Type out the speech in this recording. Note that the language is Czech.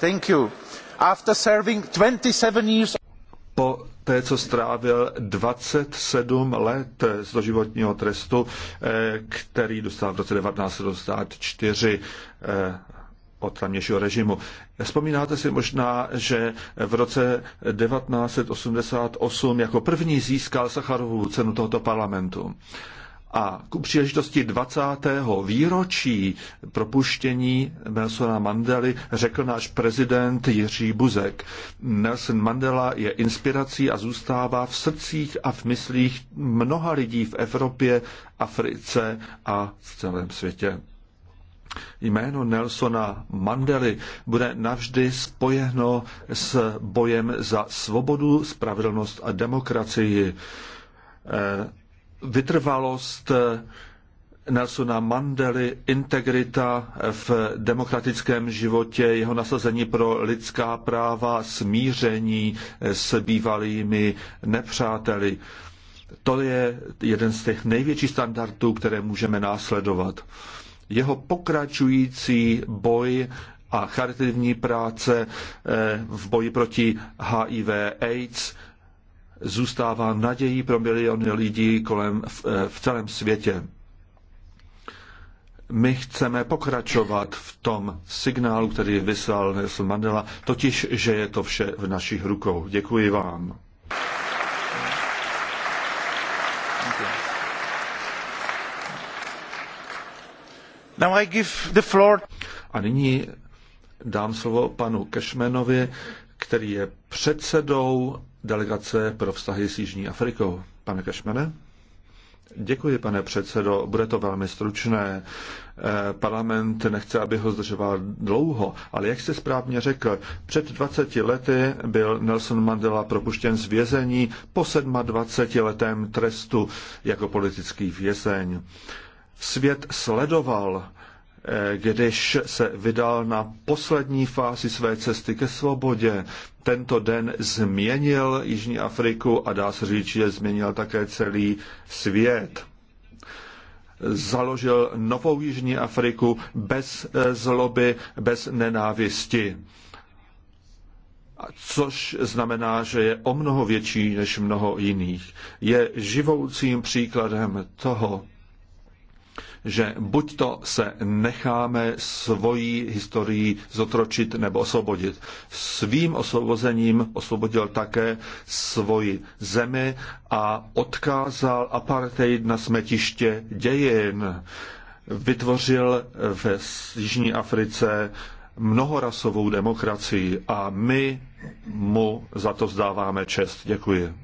Thank Po té, co strávil 27 let z doživotního trestu, eh, který dostal v roce 1994 eh, od tamnějšího režimu. Vzpomínáte si možná, že v roce 1988 jako první získal Sacharovu cenu tohoto parlamentu. A ku příležitosti 20. výročí propuštění Nelsona Mandely řekl náš prezident Jiří Buzek. Nelson Mandela je inspirací a zůstává v srdcích a v myslích mnoha lidí v Evropě, Africe a v celém světě. Jméno Nelsona Mandely bude navždy spojeno s bojem za svobodu, spravedlnost a demokracii eh, vytrvalost eh, Nelsona Mandely, integrita v demokratickém životě, jeho nasazení pro lidská práva, smíření eh, s bývalými nepřáteli. To je jeden z těch největších standardů, které můžeme následovat. Jeho pokračující boj a charitativní práce eh, v boji proti HIV AIDS zůstává nadějí pro miliony lidí kolem v, eh, v celém světě. My chceme pokračovat v tom signálu, který vyslal Nelson Mandela, totiž, že je to vše v našich rukou. Děkuji vám. Now I give the floor. A nyní dám slovo panu Kešmenovi, který je předsedou delegace pro vztahy s Jižní Afrikou. Pane Kašmene? Děkuji, pane předsedo. Bude to velmi stručné. Eh, Parlament nechce, aby ho zdržoval dlouho, ale jak jste správně řekl, před 20 lety byl Nelson Mandela propuštěn z vězení po 27 letém trestu jako politický vězeň. Svět sledoval když se vydal na poslední fázi své cesty ke svobodě. Tento den změnil Jižní Afriku a dá se říct, že změnil také celý svět. Založil novou Jižní Afriku bez zloby, bez nenávisti. Což znamená, že je o mnoho větší než mnoho jiných. Je živoucím příkladem toho, že buď to se necháme svojí historií zotročit nebo osvobodit. Svým osvobozením osvobodil také svoji zemi a odkázal apartheid na smetiště dějin. Vytvořil v Jižní Africe mnohorasovou demokracii a my mu za to zdáváme čest. Děkuji.